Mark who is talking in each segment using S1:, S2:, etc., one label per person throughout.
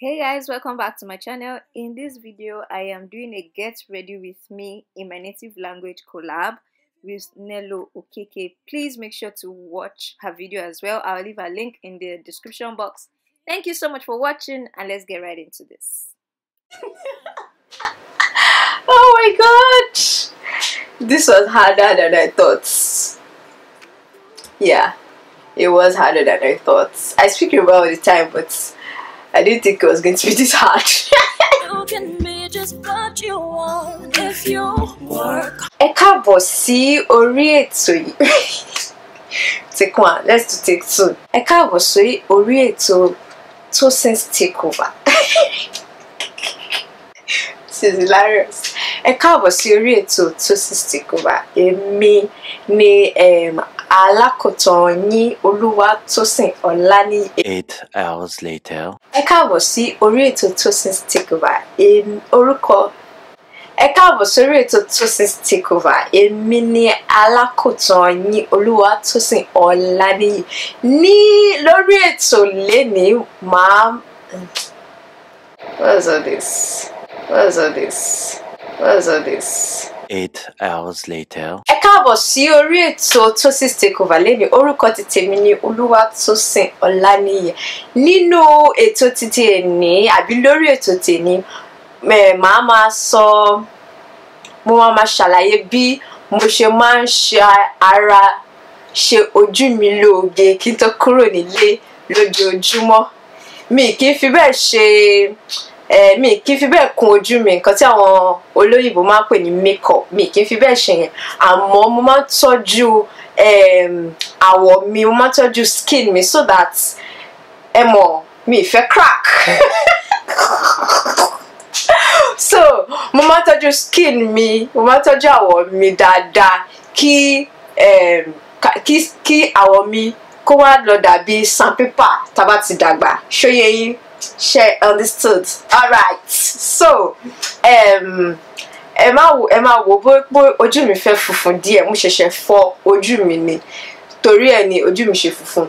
S1: hey guys welcome back to my channel in this video i am doing a get ready with me in my native language collab with nello okeke please make sure to watch her video as well i'll leave a link in the description box thank you so much for watching and let's get right into this oh my god this was harder than i thought yeah it was harder than i thought i speak well all the time but I didn't think it was going to be this hard. Ẹ káàbọ̀ sí orí Take one, let's do take two. Ẹ káàbọ̀ to two sense take over. This is hilarious. to káàbọ̀ sí take over. Tosin's Takeover. me, ni alákòótán yín Olúwatósìn Ọláníyì. eight hours later. ẹ káàbọ̀ sí orí ètò Tosin's Takeover orúkọ ẹ káàbọ̀ sórí ètò Tosin's Takeover èmi ni alákòótán yín Olúwatósìn Ọláníyì ní lórí ètò lẹ́ni màá. is all this? What's all this? What's all this? eight hours later. ẹ káàbọ̀ sí orí ètò Tosis Takeover lẹ́nu orúkọ ti tèmi ní Olúwatósìn Ọláníyì nínú ètò títí ẹ̀ní àbí lórí ètò tèmi màá máa sọ mo máa máa ṣàlàyé bí mo ṣe máa ń ṣe ara ṣe ojú mi lóge kí n tó kúrò nílé lójoojúmọ́ mi kì í fi bẹ́ẹ̀ ṣe eh, mi kì í fi bẹ́ẹ̀ kun ojú mi nǹkan tí àwọn olóyìnbó máa ń pè ní makeup mi kì í fi bẹ́ẹ̀ ṣe yẹn àmọ́ mo máa ń tọ́jú ehm, àwọ̀ mi mo máa ń tọ́jú skin mi so that ẹ mọ̀ mi fẹ́ crack. so mo máa ń tọ́jú skin mi mo máa ń tọ́jú àwọ̀ mi dáadáa kí um, kí kí àwọ̀ mi kó wá lọ dàbí sanpépà tá a bá ti dàgbà ṣóyeyín Share understood All right. so um, ẹ má wò ẹ má wò bó bó ojú mi fẹ́ funfun díẹ̀ mo ṣẹ̀ṣẹ̀ fọ ojú mi ni torí ẹ̀ ni ojú mi ṣe funfun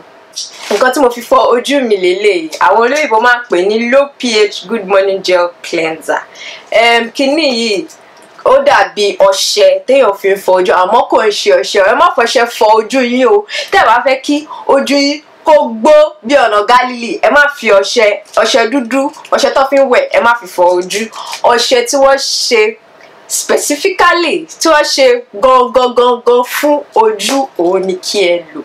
S1: nǹkan tí mo fi fọ ojú mi lélẹ̀yìí àwọn olóyìnbó máa ń pè ní low pH good morning gel cleanser um, kínní yìí ó dàbí ọṣẹ téèyàn fi ń fọ ojú àmọ́ kò ń ṣe ọṣẹ ẹ má fọṣẹ fọ ojú yín o tẹ́ bá fẹ́ kí ojú yín kó gbó bí ọ̀nà Gálílì ẹ má fi ọṣẹ ọṣẹ dúdú ọṣẹ tó fi ń wẹ̀ ẹ má fi fọ ojú ọṣẹ tí wọ́n ṣe specifically tí wọ́n ṣe gangan fún ojú òun ni kí ẹ lò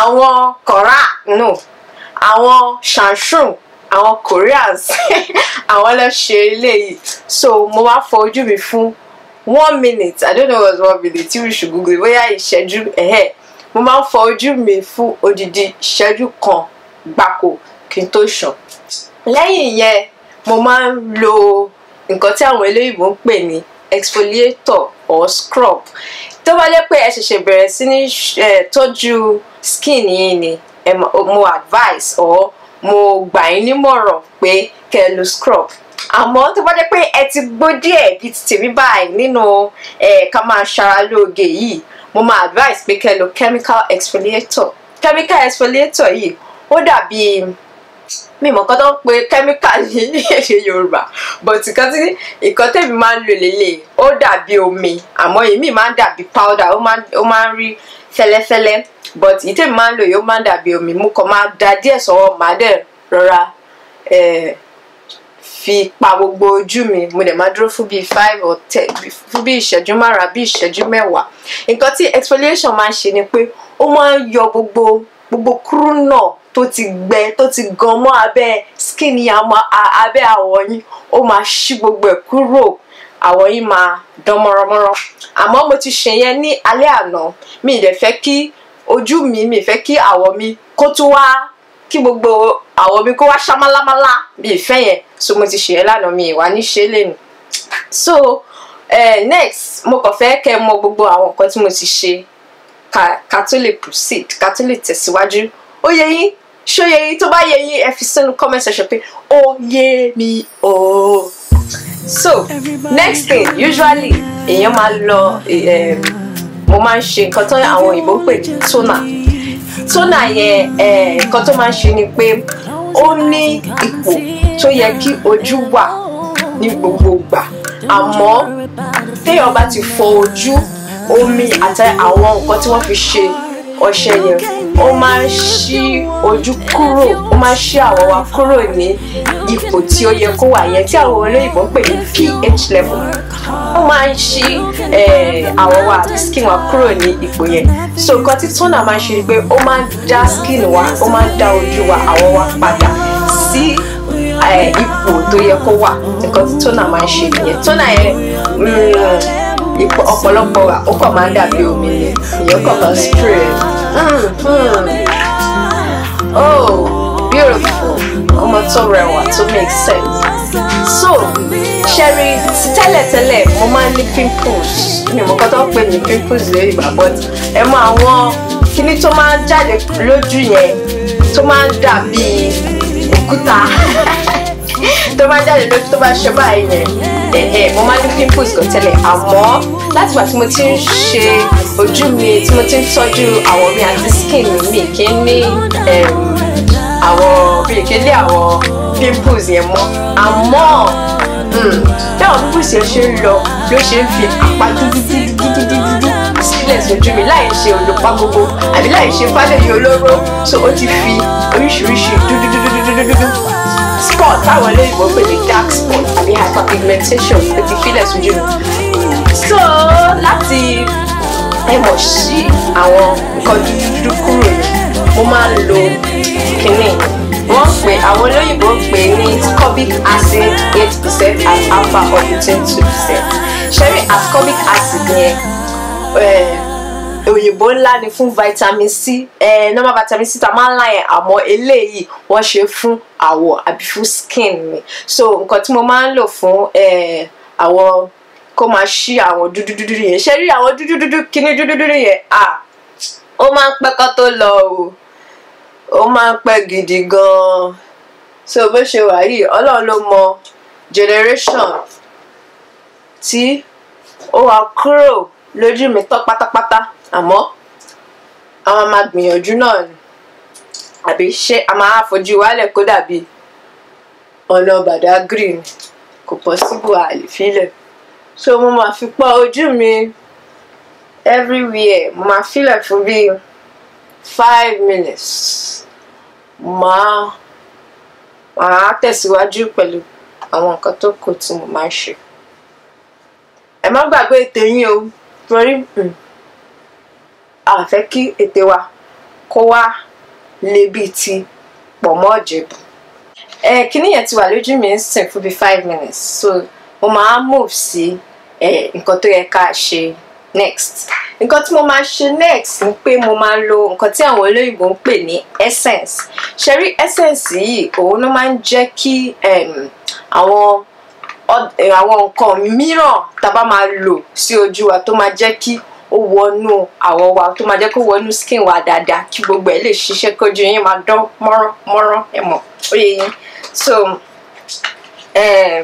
S1: àwọn kọ̀rá nù àwọn ṣàǹṣùn àwọn Koreans àwọn lọ ṣe eléyìí so mo wá fọ ojú mi fún one minute I don't know what one minute tí we should google bóyá ìṣẹ́jú ẹ̀hẹ́. Eh mo máa ń fọ ojú mi fún odidi ìṣẹ́jú kan gbáko kí n tó sùn lẹ́yìn ìyẹn mo máa ń lo nǹkan tí àwọn eléyìnbó ń pè ní exfoliator or scrub tó bá jẹ́ pé ẹ ṣẹ̀ṣẹ̀ bẹ̀rẹ̀ sí ní tọ́jú skin yín ni mo advice or mo gbà yín nímọ̀ràn pé kẹ́ ẹ lo scrub àmọ́ tó bá jẹ́ pé ẹ ti gbó díẹ̀ bíi ti tèmi báyìí nínú ká máa ṣara lóge yìí mo máa advice pé kẹ́ lo chemical exfoliator chemical exfoliator yìí ó dàbí mímọ̀ kan tó ń pe chemical yìí ní èdè Yorùbá but nǹkan tí nǹkan tèmi máa ń lò lélẹ̀ ó dàbí omi àmọ́ èmi máa ń dàbí powder ó máa ń rí fẹ́lẹ́fẹ́lẹ́ but ìtèmi máa ń lò yìí ó máa ń dàbí omi mo kàn máa da díẹ̀ sọ́wọ́ màá dẹ̀ rọra. Eh, fi pa gbogbo ojú mi mo dẹ̀ máa dúró fún bíi five or ten fún bíi ìṣẹ́jú márùn-ún àbí ìṣẹ́jú mẹ́wàá nǹkan tí exfoliation máa ń ṣe ni pé ó máa ń yọ gbogbo gbogbo kúrúnà tó ti gbẹ tó ti gan mọ́ abẹ́ skin yín abẹ́ àwọ̀ yín ó máa ṣí gbogbo ẹ̀ kúrò àwọ̀ yín máa dán mọ́rọ́mọ́rọ́ àmọ́ mo ti ṣe yẹn ní alẹ́ àná mi ì dẹ̀ fẹ́ kí ojú mi mi ì fẹ́ kí àwọ̀ mi kó tún wá kí gbogbo àwọ̀ mi kó wá ṣamálámálá bí ìfẹ́ yẹn so mo ti ṣe é lánàá mi ìwà ní ṣe é lẹ́nu so eh, next mo kàn fẹ́ kẹ́ mọ gbogbo àwọn nǹkan tí mo ti ṣe ka ka tó lè proceed ka tó lè tẹ̀síwájú ó yẹ yín ṣó yẹ yín tó bá yẹ yín ẹ fi sínú comment section pé ó yé mi o. so next thing usually èèyàn máa lọ mo máa ń ṣe nǹkan tó àwọn òyìnbó pè toner tọ́nà yẹn nǹkan tó máa ń ṣe ni pé ó ní ipò tó yẹ kí ojú wà ní gbogbo ìgbà àmọ́ téèyàn bá ti fọ ojú omi àti àwọn nǹkan tí wọ́n fi ṣe ọṣẹ yẹn ó máa ń ṣí ojú kúrò ó máa ń ṣí àwọ̀ wa kúrò ní ipò tí ó yẹ kó wà yẹn tí àwọn olóyìnbó ń pè ní pH level máa ń ṣí àwọ̀ wa àti skin wa kúrò ní ipò yẹn so nǹkan tí toner máa ń ṣe ni pé ó máa ń dá skin wa ó máa ń dá ojú wa àwọ̀ wa padà sí ipò tó yẹ kó wà nǹkan tí toner máa ń ṣe nìyẹn toner yẹn mm, ọ̀pọ̀lọpọ̀ wa ó kàn máa ń dàbí omi ni ìyẹn kàn máa spray mm-hmm. oh beautiful ọmọ tó rẹwà tó make sense. Oh, Sherry, ṣẹ́rí tẹ́lẹ̀tẹ́lẹ̀ mo máa ń ní pimples mi ò kọ́ tó ń pè ní pimples lórí ìgbà but ẹ mọ àwọn kíní tó máa ń jáde lójú yẹn tó máa ń dà bíi òkúta tó bá jáde lójú tó bá ṣe báyìí yẹn mo máa ní pimples kan tẹ́lẹ̀ àmọ́ láti ìgbà tí mo ti ń ṣe ojú mi tí mo ti ń tọ́jú àwọ̀ mi àti skin mi kì í ní àwọn bí èké lé àwọn pimples yẹn mọ́ àmọ́ hmm, bí àwọn pimples yẹn ṣe ń lọ ló ṣe ń fi apá dúdú dúdú dúdú dúdú sílẹ̀ sójú mi láì ṣe olùpá gbogbo àbí láì ṣe fálẹ́yìn olóró so ó ti fi oríṣiríṣi dúdú dúdú dúdú dúdú spot táwọn olóyìnbó pè ní dark spot àbí hyperpigmentation ó ti fílẹ̀ sójú mi so láti ẹ mọ̀ sí àwọn nǹkan dúdú kúrò ní mo máa ń lo kínní wọ́n pè àwọn olóyìnbó ń pè ní ascorbic acid eight percent and alpha octane two percent ṣẹ́rí ascorbic acid yẹn eh, òyìnbó ńlá ni fún vitamin c eh, normal vitamin c ta máa ń lá yẹn àmọ́ eléyìí wọ́n ṣe fún àwọ̀ àbí fún skin mi so nǹkan tí mo máa ń lò fún eh, àwọn kó máa ṣí àwọn dúdú dúdú yẹn ṣe rí àwọn dúdú dúdú kíní dúdú dúdú yẹn ah ó máa ń pẹ́kọ́ tó lọ o ó máa ń pẹ́ gidi gan-an so bó ṣe wà yìí ọlọ́run ló mọ generation tí ó wá kúrò lójú mi tán pátápátá àmọ́ àwọn máa gbìyànjú náà ni àbí ṣé a máa fojú wálẹ̀ kó dàbí ọ̀nà bàdágìrì green. kò pọ́síbù àlèfílẹ̀ so mo máa fi pa ojú mi everywhere mo máa filẹ̀ fún bíi five minutes máa máa tẹ̀síwájú pẹ̀lú àwọn nǹkan tó kù tí mo máa ṣe ẹ má gbàgbé ètè yín o torí hmm, a fẹ́ kí ètè wa kó wá le bíi ti pọ̀mọ́ Ìjẹ̀bú ẹ kíní yẹn ti wà lójú mi ń sìn fún bíi five minutes so mo máa move sí nǹkan tó yẹ ká ṣe next nǹkan tí mo máa ṣe next ni pé mo máa lo nǹkan tí àwọn olóyìnbó ń pè ní essence ṣe rí essence yìí òun ló máa ń jẹ́ kí àwọn àwọn nǹkan mìíràn tá a bá máa lò sí ojú wa tó máa jẹ́ kí ó wọnú àwọ̀ wa tó máa jẹ́ kó wọnú skin wa dáadáa kí gbogbo ẹ̀ lè ṣiṣẹ́ kójú yín máa dán mọ́rán mọ́rán ẹ̀ mọ̀ ó yín so eh,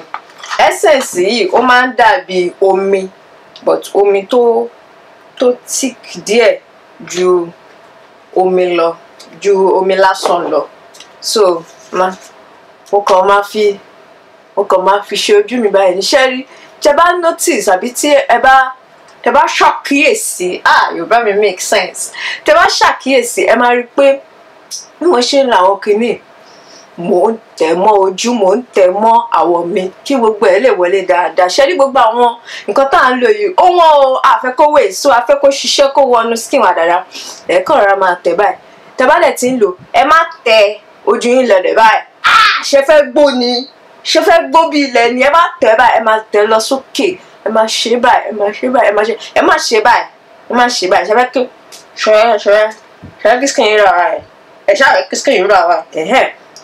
S1: essence yìí ó máa ń dàbí omi but omi tó tó thick díẹ̀ ju omi lọ ju omi lásán lọ so ma mo kàn máa fi mo kàn máa fi ṣe ojú mi báyìí níṣẹ́ rí tẹ bá notice àbí tí ẹ bá tẹ bá ṣàkíyèsí ah yorùbá mi make sense tẹ bá ṣàkíyèsí ẹ máa rí i pé bí mo ṣe ń lo kìíní mò ń tẹ̀ mọ́ ojú mò ń tẹ̀ mọ́ àwọ̀ mi kí gbogbo ẹ̀ lè wọlé dáadáa ṣe rí gbogbo àwọn nǹkan tá à ń lò yìí ó wọ́n o àfẹ́kówó èso àfẹ́kó ṣiṣẹ́ kó wọnú skin wa dáadáa ẹ̀ẹ́kàn rárá máa tẹ̀ báyìí tẹ̀ bá dẹ̀ ti ń lò ẹ má tẹ ojú yín lọlẹ̀ báyìí ṣe fẹ́ gbó ni ṣe fẹ́ gbó bí ilẹ̀ ni ẹ má tẹ̀ báyìí ẹ má tẹ̀ lọ sókè ẹ má ṣe báyìí ẹ má ṣe báyìí ẹ má ṣe ẹ má báyìí ẹ má ṣe báyìí ṣe fẹ́ kí ṣọ̀rẹ́ ṣọ̀rẹ́ ṣọ̀rẹ́ kí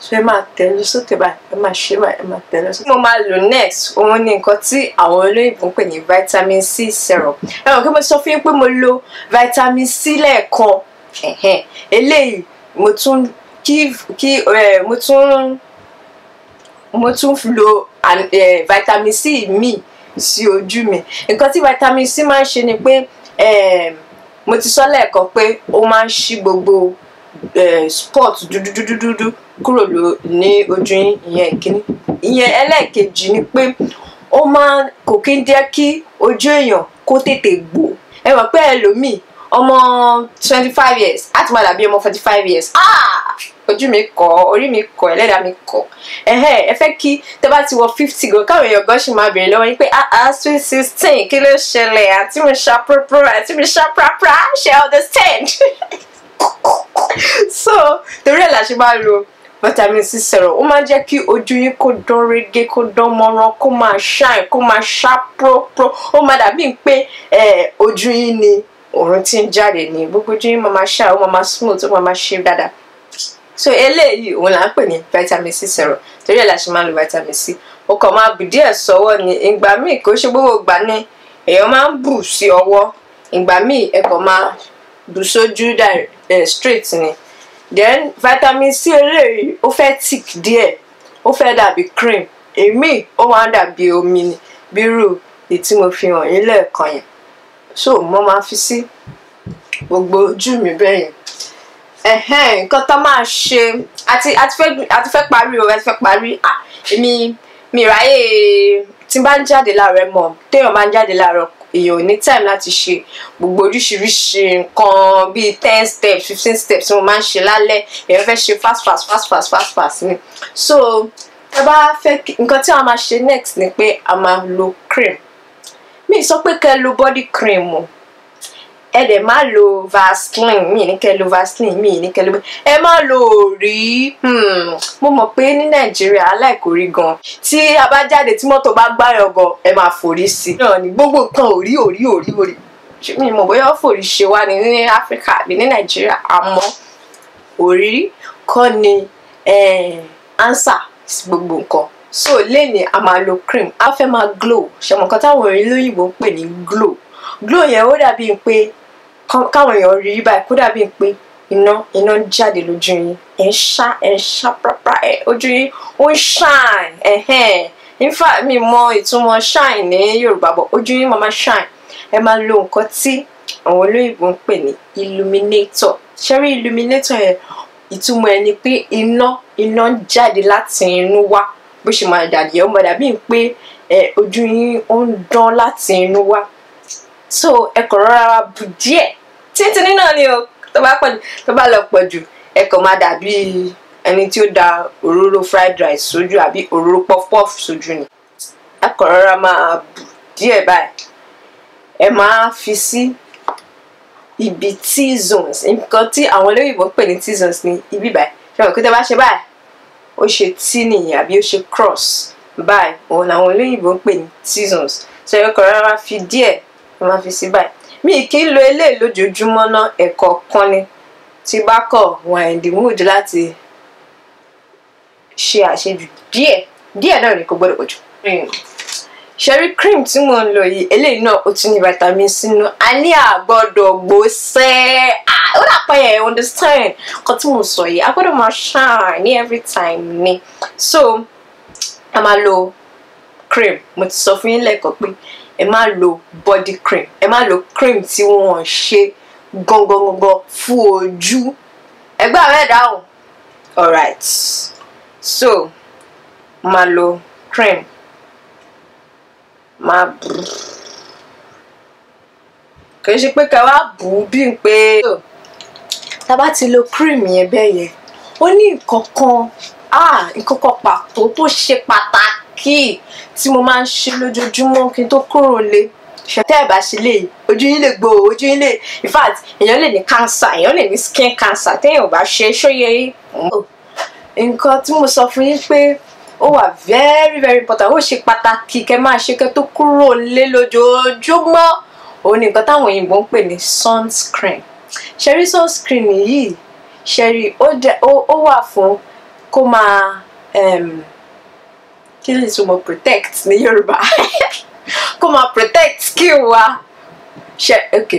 S1: so ẹ máa tẹ̀ lọ sókè báyìí ẹ máa ṣe báyìí ẹ máa tẹ̀ sókè. mo máa lò next òun ni nǹkan tí àwọn olóyìnbó ń pè ní vitamin C serum ẹ mọ̀ kí mo sọ fún yín pé mo lo vitamin C lẹ́ẹ̀kan eléyìí mo tún kí kí mo tún mo tún lo vitamin C mi sí ojú mi nǹkan tí vitamin C máa ń ṣe ni pé mo ti sọ lẹ́ẹ̀kan pé ó máa ń ṣí gbogbo Eh, spot dúdúdúdúdú kúrò ní ojú yín ìyẹn ìkíní ìyẹn ẹlẹ́ẹ̀kejì ni pé ó máa kò kí ń jẹ́ kí ojú èèyàn kó tètè gbò ẹ mọ̀ pé ẹlòmíì ọmọ twenty five years á ti máa ọmọ forty five years ah! ojú mi kọ orí mi kọ ẹlẹ́dàá mi kọ ẹ̀hẹ́ ẹ fẹ́ kí tẹ́ bá ti wọ fifty gan káwọn èèyàn gan ṣì máa bèrè lọ́wọ́ yín pé ah ah sweet sixteen kí ló ṣẹlẹ̀ àti mi ṣàpòpò àti mi ṣàpòpò ṣe understand. so torí ẹ̀ la ṣe máa lo vitamin c serum ó máa ń jẹ́ kí ojú yín kó dán rege kó dán mọ́rán kó máa shine kó máa ṣá própró ó máa dàbí pé ojú yín ni òórùn tí ń jáde ní gbogbo ojú yín máa máa ṣá ó máa máa smooth ó máa máa ṣe dáadáa so eléyìí òun là ń pè ní vitamin c serum torí ẹ̀ la ṣe máa lo vitamin c o kàn máa bù díẹ̀ sọ́wọ́ ni ìgbà míì kò ṣe gbogbo ìgbà ni èèyàn máa ń bù sí ọwọ́ ìgbà míì ẹ kàn máa bù sójú eh, straight ni then vitamin c eléyìí o fẹ́ thick díẹ̀ o fẹ́ dàbí cream èmi ó máa ń dàbí omi ni bírú èyí tí mo fi hàn yín lẹ́ẹ̀kan yẹn so mo máa fi sí gbogbo ojú mi bẹ́ẹ̀ yẹn ẹ̀hẹ́n nǹkan tó máa ṣe àti àti fẹ́ àti parí o àti fẹ́ parí èmi mi ìráyè tí n bá ń jáde láàárọ̀ mọ̀ téèyàn bá ń jáde láàárọ̀ èèyàn ò ní time láti ṣe gbogbo oríṣiríṣi nǹkan bíi ten steps fifteen steps mo máa ń ṣe lálẹ́ èèyàn fẹ́ ṣe fast fast fast fast fast fast ni so tá a bá fẹ́ nǹkan tí a máa ṣe next ni pé a máa lo cream mi sọ pé kẹ́ lo body cream o ẹ dẹ̀ má lo vaseline mi ní kẹ́ lo vaseline mi ní kẹ́ lo ẹ má lo òrí hmm. mo mọ̀ pé ní nàìjíríà aláìkórí gan tí a bá jáde tí mọ́tò bá gbáyọ̀ gan ẹ máa forí sí i náà ní gbogbo nǹkan òrí òrí òrí òrí mi mọ̀ bóyá fòrí ṣe wá ní ní áfíríkà àbí ní nàìjíríà àmọ́ òrí kọ́ ni eh, answer sí gbogbo nǹkan so lẹ́ni a máa lo cream a fẹ́ máa glow ṣe mọ̀ nǹkan táwọn òyìnbó ń pè ní glow glow yẹn ó dàbí pé káwọn èèyàn rí báyìí kó dàbí pé iná iná jáde lójú yín ẹ̀ ń ṣá ẹ̀ ń ṣá pàápàá ẹ̀ ojú yín ó ń shine ẹ̀hẹ́n in fact mi mọ ìtumọ̀ shine ní Yorùbá bọ̀ ojú yín máa shine ẹ máa lo nǹkan tí àwọn olóyìnbó ń pè ní illuminator ṣẹ́rí illuminator yẹn ìtumọ̀ ẹ̀ ni pé iná iná ń jáde láti inú wá bó ṣe máa dàbí ẹ̀ ó máa dàbí pé ojú yín ó ń dán láti inú wá so ẹ kọ̀ rọra wa bù díẹ̀ títí náà ni o tó bá pọ̀ jù tó bá lọ pọ̀ jù ẹ kàn máa dàbí ẹni tí ó da òróró fried rice sójú àbí òróró puff puff sójú ni ẹ kọ̀ rọra máa bù díẹ̀ báyìí ẹ máa fi sí ibi t-zones nǹkan tí àwọn olóyìnbó pè ní t-zones ní ibi báyìí ṣe àwọn òkúta bá ṣe báyìí ó ṣe t nìyẹn àbí ó ṣe cross báyìí òun làwọn olóyìnbó ń pè ní t-zones ṣe ẹ kọ̀ rọra fi díẹ̀ máa fi sí báyìí mi kì í lo eléyìí lójoojúmọ́ náà ẹ̀kọ́ kan ni tí bá kọ̀ wà in the mood láti ṣe àṣejù díẹ̀ díẹ̀ náà ni kò gbọ́dọ̀ pọ̀ jù. ṣẹ́rí cream tí mo ń lò yìí eléyìí náà ó ti ní vitamin c nínú a ní àgbọ̀dọ̀ gbòóṣẹ́ ó dàpọ̀ yẹn understand kan tí mo sọ yìí a gbọ́dọ̀ máa ṣàn ní every time ni so a máa lo cream mo ti sọ fún yín lẹ́kọ̀ọ́ pé ẹ má lo body cream ẹ má lo cream tí wọ́n ṣe gangangangan fún ojú ẹgbẹ́ àwẹ̀ dáhùn alright so máa lo cream máa bù ú kì í ṣe pé ká wá bù ú bíi pé tá ti lo cream yẹn bẹ́ẹ̀ yẹn ó ní nǹkan kan ah nǹkan kan pàtó tó ṣe pàtàkì key tí mo máa ń ṣe lójoojúmọ́ kí n tó kúrò lé tẹ́ ẹ̀ bá ṣe lè ojú yín lè gbó ojú yín lè in fact èèyàn lè ní cancer èèyàn lè ní skin cancer téèyàn ò bá ṣe ṣóyè oh, nǹkan tí mo sọ fún yín pé ó wà very very important ó ṣe pàtàkì kẹ́ máa ṣe kẹ́ tó kúrò lé lójoojúmọ́ òun ni nǹkan táwọn òyìnbó ń pè ní sunscreen ṣẹ́rí sunscreen yìí ṣẹ́rí ó wà fún kó máa. Um, kí ló protect ní Yorùbá kó protect skill wa ṣe ok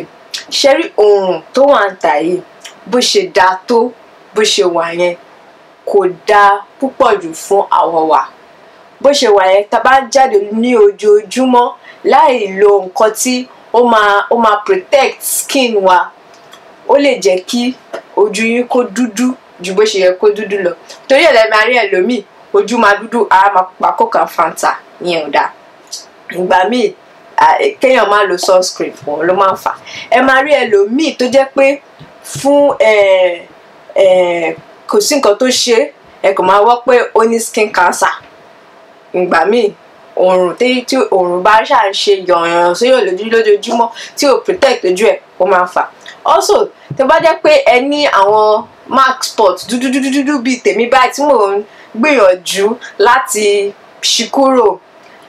S1: ṣe rí oòrùn tó wà ń tà yìí bó ṣe dáa tó bó ṣe wà yẹn kò dáa púpọ̀ jù fún àwọ̀ wa bó ṣe wà tá a bá jáde ní ojoojúmọ́ láì lo nǹkan tí ó máa ó máa protect skin wa ó lè jẹ́ kí ojú yín kó dúdú ju bó ṣe yẹ kó dúdú lọ torí ẹ̀ lẹ́ẹ̀ máa rí ojú máa dúdú ara máa pupa coke and fanta yẹn ò dáa ìgbà míì kéèyàn máa lo sunscreen fún ọ ló máa ń fà ẹ máa rí ẹlòmíì tó jẹ́ pé fún kò sí nǹkan tó ṣe ẹ kò máa wọ́ pé ó ní skin cancer ìgbà míì òrùn tí òrùn bá ṣà ń ṣe yànyàn sóyò lójú lójoojúmọ́ tí ò protect ojú ẹ̀ ó máa ń fà also tó bá jẹ́ pé ẹ ní àwọn mark spot dúdúdúdúdú bíi tèmi báyìí tí mò ń gbìyànjú láti ṣí kúrò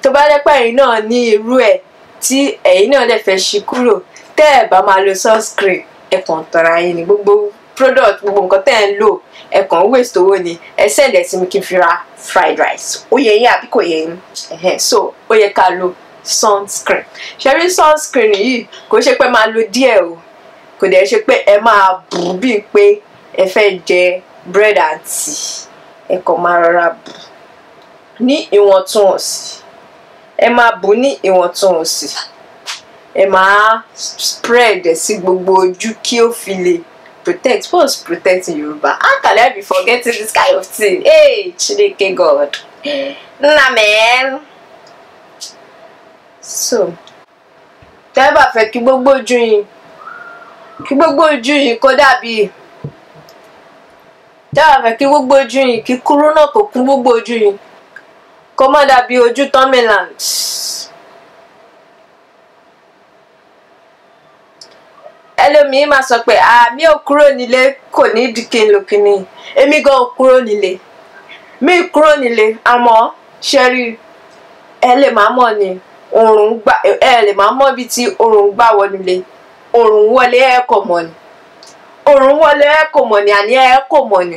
S1: tó bá dẹ́pẹ́ ẹ̀yin náà ní irú ẹ̀ tí ẹ̀yin náà dẹ̀ fẹ́ ṣí kúrò tẹ́ ẹ̀ bá máa lo sunscreen ẹ̀ kàn tọ̀ra yín ní gbogbo product gbogbo nǹkan tẹ́ ẹ̀ ń lò ẹ̀ kàn ń waste owó ni ẹ̀ send ẹ̀ sí mi kí n fi ra fried rice ó yẹ yín àbí kò yẹ yín so ó yẹ ká lo sunscreen ṣe sunscreen yìí kò ṣe pé máa lo díẹ̀ o kò dẹ̀ ṣe pé ẹ máa bù bí pé ẹ fẹ́ jẹ bread and tea ẹ kàn máa rọra bù ní ìwọ̀ntúnwọ̀nsì ẹ máa bù ní ìwọ̀ntúnwọ̀nsì ẹ máa spread ẹ sí gbogbo ojú kí ó fi lè protect what's protect in Yoruba how can I be forgetting this kind of thing hey Chineke God nna mẹ́ẹ́n so tẹ́ bá fẹ́ kí gbogbo ojú yín kí gbogbo ojú yín kó dàbí dáhà fẹ́ kí gbogbo ojú yìí kí kúrú náà kò kún gbogbo ojú yìí kó má dàbí ojú tọ́mìland. ẹlòmíín máa sọ pé àmì ò kúrò nílé kò ní di kìnlùkìnì èmi gan ò kúrò nílé mi kúrò nílé àmọ́ ṣẹ́rí ẹ lè má mọ̀ ni òòrùn gbà ẹ lè má mọ̀ bíi ti òòrùn gbà wọnúlé òòrùn wọlé ẹ kò mọ̀ ni òrùn wọlé ẹ kò mọ̀ ní àní ẹ kò mọ̀ ní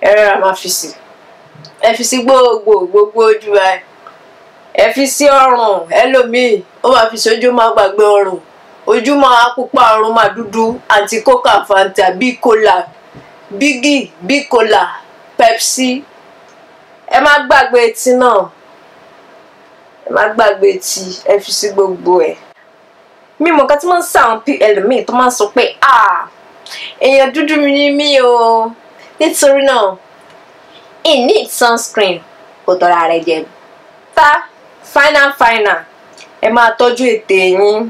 S1: ẹ rẹ̀ máa fi sí ẹ fi sí gbogbo gbogbo ojú ẹ ẹ fi sí ọrùn ẹlòmíì ó máa fi sójú máa gbàgbé ọrùn ojú máa pupa ọrùn máa dúdú àti coca fanta bíi cola bígì bíi cola pepsi ẹ má gbàgbé etí náà ẹ má gbàgbé etí ẹ fi sí gbogbo ẹ mímọ nǹkan tí wọn ń sá pl míì tó máa ń sọ pé ah èèyàn dúdú mi ni mí o nítorí náà i need sunscreen kò tọ́ra rẹ jẹ ta final final ẹ máa tọ́jú ètè yín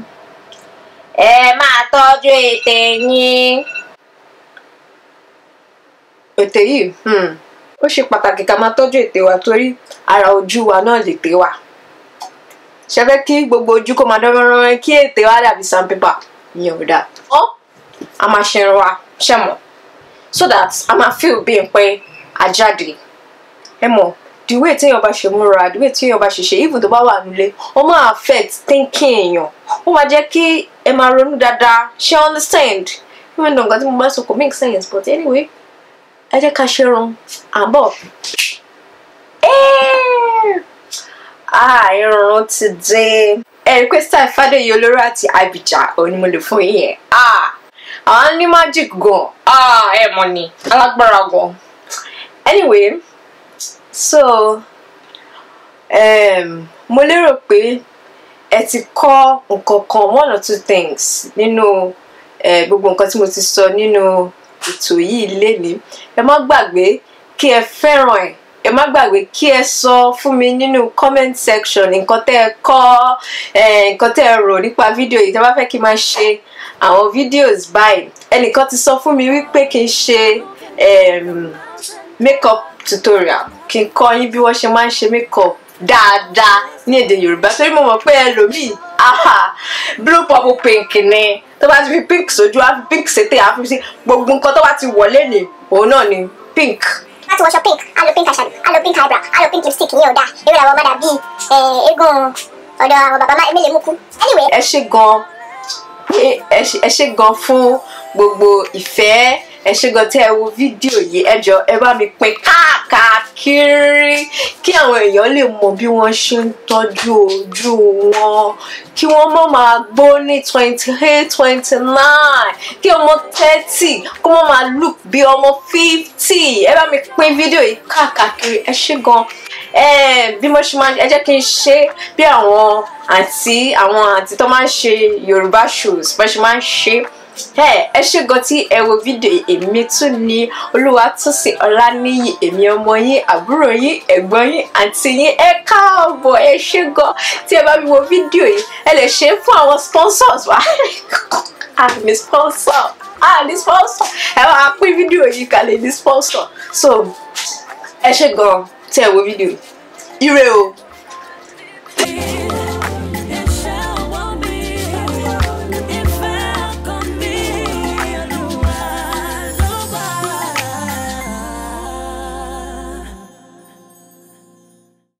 S1: ẹ máa tọ́jú ètè yín ètè yìí hmm, ó ṣe pàtàkì ká máa tọ́jú ètè wa torí ara ojú wa náà lè tè wa ṣe fẹ́ kí gbogbo ojú kó máa dán mọ́rán kí ètè wa dàbí sandpaper ìyẹn ò dáa a máa ṣe irun ṣe mọ̀ so that a máa feel bí n pé a jáde ẹ mọ̀ the way téèyàn bá ṣe múra the way téèyàn bá ṣe ṣe even tó bá wà nílé ó máa affect thinking èèyàn ó máa jẹ́ kí ẹ máa ronú dáadáa ṣe understand even though nǹkan tí mo bá sọ kò make sense but anyway ẹ jẹ́ ká ṣe irun àbọ̀ ah, irun ti dín ẹ rí pé style Fádèyí Olóró àti Abija òun ni mo lè yẹn. Ah! àwọn ní magic gan ah, ẹ mọ̀ ni alágbára gan anyway so um, mo lérò pé ẹ ti kọ́ nǹkan kan one or two things nínú gbogbo nǹkan tí mo ti sọ nínú ètò yìí lénìí ẹ má gbàgbé kí ẹ fẹ́ràn ẹ̀ ẹ má gbàgbé kí ẹ sọ fún mi nínú comment section nǹkan tẹ́ ẹ kọ́ nǹkan tẹ́ ẹ rò nípa fídíò yìí tẹ́ bá fẹ́ kí n máa ṣe àwọn videos báyìí ẹnìkan ti sọ fún mi wípé kí n ṣe ehm, makeup tutorial kí n kọ́ yín bí wọ́n ṣe máa ń ṣe makeup dáadáa ní èdè Yorùbá torí mo mọ̀ pé ẹlòmíì blue purple pink ni tó bá ti fi pink sójú á fi pink ṣètè á fi ṣe gbogbo nǹkan tó bá ti wọlé ni òun náà ni pink láti wọṣọ pink a lo pink eyeshadow a lo pink eyebrow a lo pink lipstick ní ọ̀dà irú àwọn ọmọdà bíi eh, eégún ọ̀dọ̀ àwọn bàbá mélèmú kú. ẹ ṣe gan-an ẹ ṣé gan fún gbogbo ìfẹ́ ẹ ṣé gan tẹ́ ẹ wo fídíò yìí ẹ jọ ẹ bá mi pín káàkiri kí àwọn èèyàn lè mọ bí wọ́n ṣe ń tọ́jú ojú wọn kí wọ́n mọ̀ máa gbó ní twenty eight twenty nine kí ọmọ thirty kó mọ̀ máa look bí ọmọ fifty ẹ bá mi pín fídíò yìí káàkiri ẹ ṣé gan. Eh, bí mo ṣe máa ẹ jẹ́ kí n ṣe bí àwọn àǹtí àwọn àǹtí tó máa ń ṣe Yorùbá shows bó ṣe máa ń ṣe eh, ẹ ṣe gan tí ẹ wo fídíò èmi tún ni Olúwatósìn Ọláníyì èmi ọmọ yín àbúrò yín ẹ̀gbọ́n yín àǹtí yín ẹ káàbọ̀ ẹ ṣe gan tí ẹ bá mi wo fídíò yìí ẹ lè ṣe fún àwọn sponsors wa àmì sponsor Ah, àmì sponsor ẹ wá pín fídíò yìí kalẹ̀ ní sponsor so ẹ ṣe gan tẹ́ ẹ wo fídíò ire o.